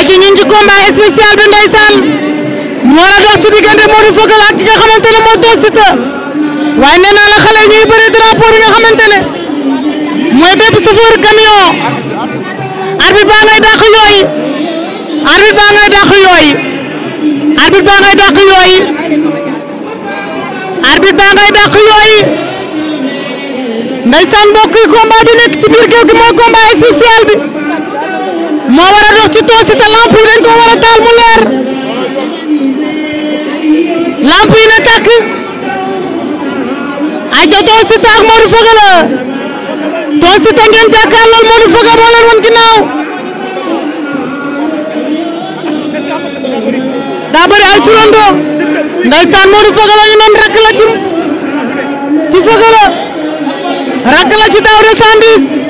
aji ñu ngi ci combat spécial bi ndeysaan mu war a dox ci diggante Modou Feugeul ak ki nga xamante ne moo doon Siteu waaye nee naa la xale ñuy bëri drapeau bi nga xamante ne mooy bépp chauffeur camion arbitre baa ngay dàq yooyu arbitre baa ngay dàq yooyu arbitre baa ngay dàq yooyu arbitre baa ngay dàq yooyu ndeysaan mbokk nekk ci biir géew gi mooy combat spécial bi moo war a ci Tonn Siteu lamp yi dañ ko taal mu leer lamp na tàkk ayca Tonn Siteu ak Modou Feugueu la Tonn Siteu ngeen jàkkaarlool Modou Feugueu moo leen woon ginnaaw daa bëri ay turandoo ndeysaan Modou Feugueu la ñu noon rakk la ci ci rakk la ci Daouda Sandwich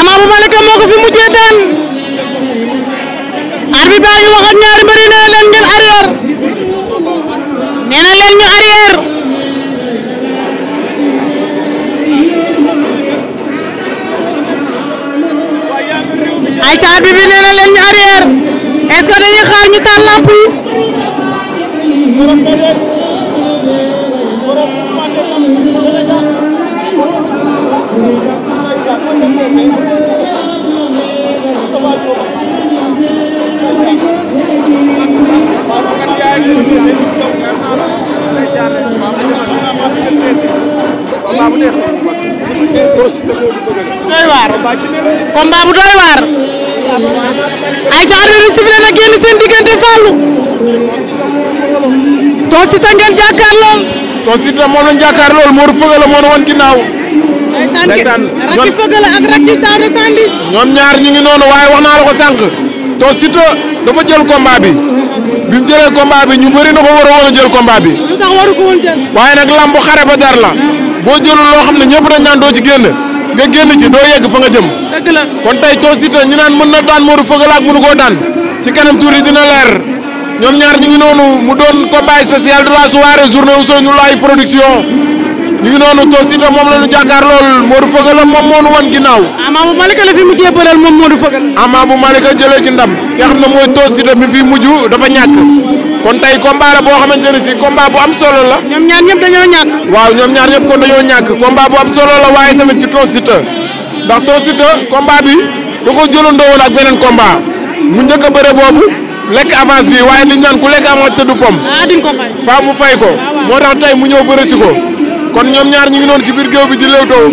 ama bu Malika moo ko fi mujjee daan arbitre baa ngi wax ak ñaari mbëri nee na leen ngeen arrière nee na leen ñu xaar ñu taal lamp yi combat bu doy waar ay ca arbitre bi sifflé na génn seen diggante Fallou Tons Siteu ngeen jàkkaar lool wan ginnaaw ndeysaan rakki fëgala ak rakki taw de sandis ñoom ñaar ñi ngi noonu waaye wax naa la ko sànq to Siteu dafa jël combat bi bi mu jëlee combat bi ñu bëri na ko war a woon a jël combat bi lu tax waru ko woon jël waaye nag lamb xare ba dar la boo jëlul loo xam na ñëpp dañ naan doo ci génn nga génn ci doo yegg fa nga jëm dëgg la kon tey to ñi naan mën na daan Modou fëgala ak mënu koo daan ci kanam tuuti dina leer ñoom ñaar ñu ngi noonu mu doon combat spécial de la soirée journée Ousseynou Laye production ñu ngi noonu toog Siteu moom la ñu jàkkaar lool Modou Feugeul la moom moo nu wan ginnaaw. Ama bu Malika la fi mujjee bëreel moom Modou Feugeul. Ama bu Malika jëlee ci ndam. ki mooy toog Siteu fi mujj dafa ñàkk. kon tey combat boo xamante ne si combat bu am solo la. ñoom ñaar ñëpp dañoo ñàkk. waaw ñoom ñaar ñëpp kon dañoo ñàkk combat bu am solo la waaye tamit ci toog Siteu ndax toog Siteu bi da ko jëlandoo woon ak beneen combat mu njëkk a bëre boobu lekk avance bi waaye liñ naan ku lekk avance te du pom. Ah, ko fay. faa mu fay ko. Ah, moo tax tey mu ñëw bëre si ko kon ñoom ñaar ñi ngi ci biir géew bi di lewtoo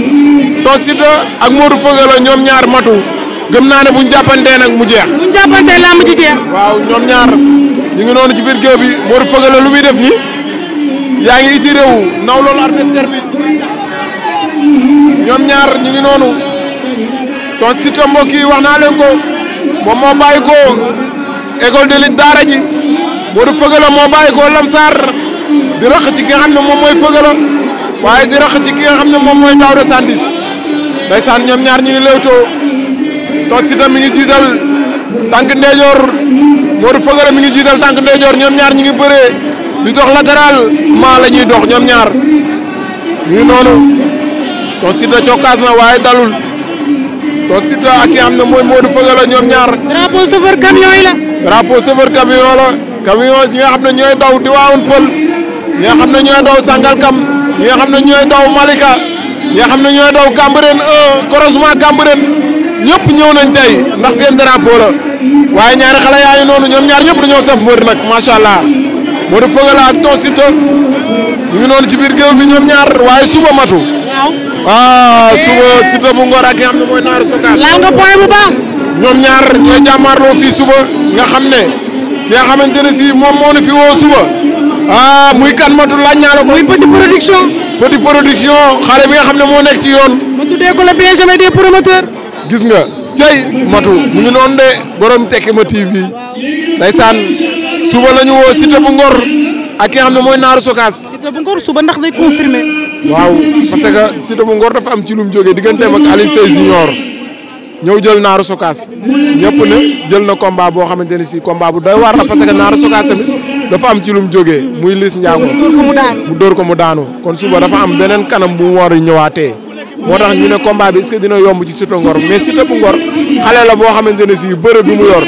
Tooñ Siteu moo Modou Feugeleu ñoom ñaar matu gëm naa ne buñ jàppantee nag mu jeex. buñ jàppantee làmb ji jeex. waaw ñoom ñaar ñu ngi ci biir géew bi Modou Feugeleu lu muy def nii yaa ngi iti réew naw loolu adversaire bi ñoom ñaar ñu ngi noonu Tooñ yi wax naa leen ko moom moo bàyyi ko école de lutte daara ji Modou Feugeleu moo bàyyi ko Lamsar di rëq ci ki moom mooy Feugeleu. waaye di rax ci ki nga xam ne moom mooy Daouda Sandwich ndeysaan ñoom ñaar ñu ngi lewtoo Tok Siteu mi ngi jiital tànk ndeyjoor Modou Feugeula mi ngi jiital tànk ndeyjoor ñoom ñaar ñu ngi bëree di dox latéral maa la dox ñoom ñaar ñu noonu Tok Siteu cokkaas na waaye dalul Tok Siteu ak ki nga xam ne mooy Modou Feugeula ñoom ñaar. drapeau chauffeur camion yi la. drapeau chauffeur camion la camion yi nga xam ñooy daw diwaan pël ñi nga xam ñooy daw sàngal kam. ñi nga xam ne ñooy daw Malika ñi xam ne ñooy daw Cambérène un croisement Cambérène ñëpp ñëw nañ tey ndax seen drapeau la waaye ñaari xale yaa ngi noonu ñoom ñaar ñëpp dañoo saf mbër nag macha allah Modou Feugeula ak Ton Siteu ñu ngi noonu ci biir géew bi ñoom ñaar waaye suba matu. waaw ah suba eh. Siteu bu Ngor ak ki nga xam ne mooy Naaru Sokaas. laal nga bu baax. ñoom ñaar ñooy jàmmaarloo fii suba nga xam ki nga xamante ne si moom moo ñu fi woo suba. ah muy kan matul laaj naa la ko. muy petit production. petit production xale bi nga xam ne moo nekk ci yoon. ma tuddee ko le Benjamin des promoteurs. gis nga tey matu mu ngi noonu de borom tekki ma TV ndeysaan suba la ñu woo Cité bu Ngor ak ki nga xam ne mooy Naaru Sokaas. Cité bu Ngor suba ndax day confirmé. waaw parce que Cité bu Ngor dafa am ci lu mu jógee digganteem ak Alioune Sèye Junior ñëw jël Naaru Sokaas ñëpp ne jël na combat boo xamante ni si combat bu doy waar la parce Naaru Sokaas tamit. dafa am ci lu mu jógee muy Liss Ndiago mu dóor ko mu daanu kon suba dafa am beneen kanam bu woor war ñëwaatee moo tax ñu ne combat bi est dina yomb ci Siteu Ngor mais Siteu bu Ngor xale la boo xamante ne si bëre bi mu yor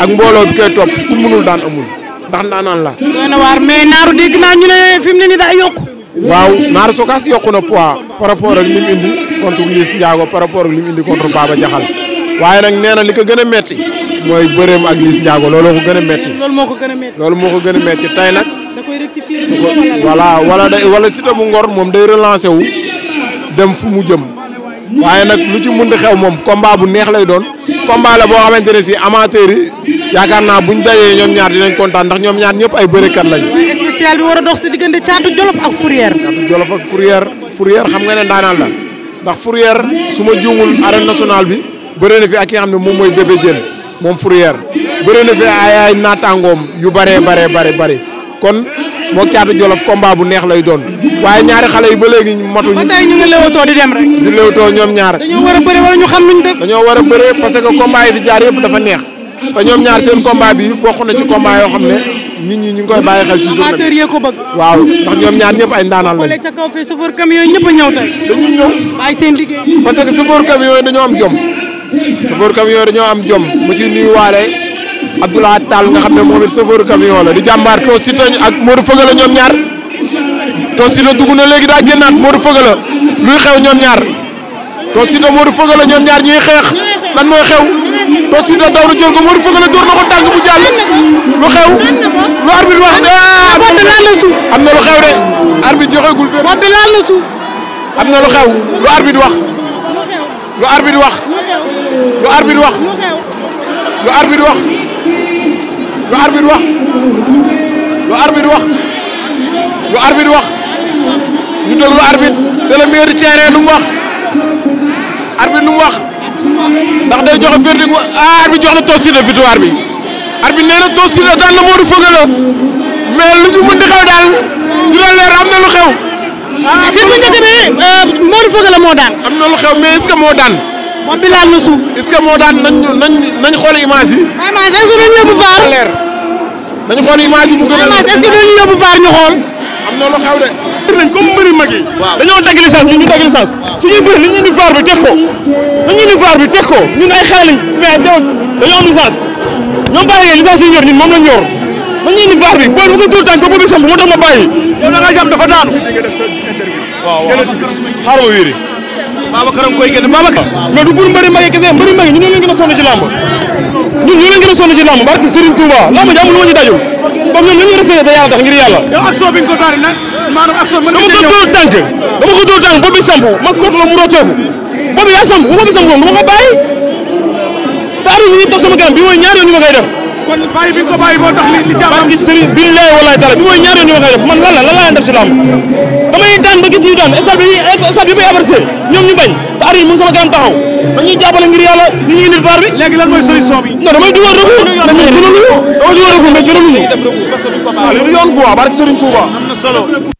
ak mbooloo bi koy topp ku munul daan amul ndax ndaanaan la. doon naaru dégg naa ñu ne fi mu ne nii daa yokk waaw naaru sokaas yokku na poids par rapport ak li mu indi contre Liss Ndiago par rapport ak li mu indi contre Baba Diakhal waaye nag nee na li ko gën a metti moy beureum ak Liss Ndiago looloo ko gëna metti métti. moko gëna metti gën moko gëna metti tay nak gën da koy rectifier voilà wala day wala sita bu Ngor mom day relancer wu dem fu mu jëm waye nak lu ci mënti xew mom combat bu neex lay doon combat la bo xamanteni ci amateur yi yaakaar naa buñ dayé ñom ñaar dinañ kontaan ndax ñom ñaar ñëpp ay bërekat lañu spécial bi wara dox ci digënde caatu jollof ak Fourière. jollof ak Fourière Fourière xam nga ne daanal la ndax Fourière suma ma juumul arène nationale bi bëre na fi ak ki nga xamne mom moy bébé Diène moom Fourrière bëri na fi ay naataangoom yu bëree bare bare bëri kon moo caatu jolof combat bu neex lay doon waaye ñaari xale yi ba léegi matuñu. ba tey ñu ngi léwatoo di dem rek. di léwatoo ñoom ñaar. dañoo war a bëre wala ñu xam luñ def. dañoo war a parce que combat yi di jaar yëpp dafa neex te ñoom ñaar seen combat bi bokk na ci combat yoo xam ne nit ñi ñu ngi koy bàyyi xel ci journée amateur yee ko bëgg. waaw ndax ñoom ñaar ñëpp ay ndaanaan lañu. xoolee ca kaw fee ñëpp a ñëw tey. dañuy ñëw bàyyi dañoo am jom chauffeur camion ñoo am jom mu ci nuyuwaale Abdoulaye Tall nga xam ne moom it chauffeur camion la di jàmbaar Tooy Sita ak Modou Feugeula ñoom ñaar Tooy a dugg na léegi daa génnaat Modou Feugeula luy xew ñoom ñaar Tooy Sita Modou Feugeula ñoom ñaar ñuy xeex lan mooy xew Tooy Sita daw na jël ko Modou Feugeula door na ko tànk jàll lu xew lu arbitre wax ah am na lu xew de arbitre joxeegul am na lu xew lu arbitre wax lu arbitre wax. lu arbitre wax lu arbitre wax lu arbitre wax lu arbitre wax lu arbitre wax ñu déglu arbitre c'est le meilleur terrain lu wax arbitre lu wax ndax day joxe verdict ah jox na Tossir de victoire bi arbitre nee na Tossir de daan la Modou Feugueleu la lu ci xew daal ñu leer am na lu xew. ah mu njëkk bi euh, Modou Feugueleu la moo daan. am na lu xew mais est moo daan. moom bi laal na suuf. est ce que moo daan nañ nañ nañ xool image yi. waaye maa est ce que duñ yóbbu vaar. leer nañ xool image yi mu gën a. est ce que duñ yóbbu vaar ñu xool. am na lu xew de. bëri nañ comme mbëri mag yi. waaw dañoo dagg licence ñun ñu dagg licence. waaw suñuy bëri nañ ñu ni vaar bi teg ko. nañ ñu ni vaar bi teg ko ñun ay xale lañ mais dañoo am licence. ñoom bàyyi ngeen licence yi ñor ñun moom lañ yor. nañ ñu ni vaar bi booy bu ko dóor tànk ba bëgg a somb moo tax ma bàyyi. yow da nga jàpp dafa daanu. waaw waaw xaaral ma wiiri Babacar a koy génn Babacar mais du pour mbëri mbay kese mbëri mbay ñun ñoo leen gën a sonn ci làmb ñun ñoo leen gën a sonn ci làmb barke Serigne Touba làmb jàmm lu ma dajul comme ñoom lañu respecté te yàlla tax ngir yàlla yow action bi nga ko taari nag ko dóor tànk dama ko dóor tànk boobu samp ma koot la mu roccooku boobu yaa samp bu boobu samp moom du ma ko bàyyi ñu ngi toog sama kanam bi mooy ñaari yoon ñu ma koy def kon bàyyi bi nga ko bàyyi moo tax li li ci am. barke Serigne billahi wallahi taala bi mooy ñaar yoon ñu ma koy def man lan la lan laa def si lamb damay daan ba gis bi stade bi ñoom ñu bañ te ari mu ngi taxaw man ñuy jàppale ngir yàlla di ñu indil vaar bi. léegi lan mooy solution bi. non damay dugal recours. damay dugal recours damay dugal recours mais jëloon nañu.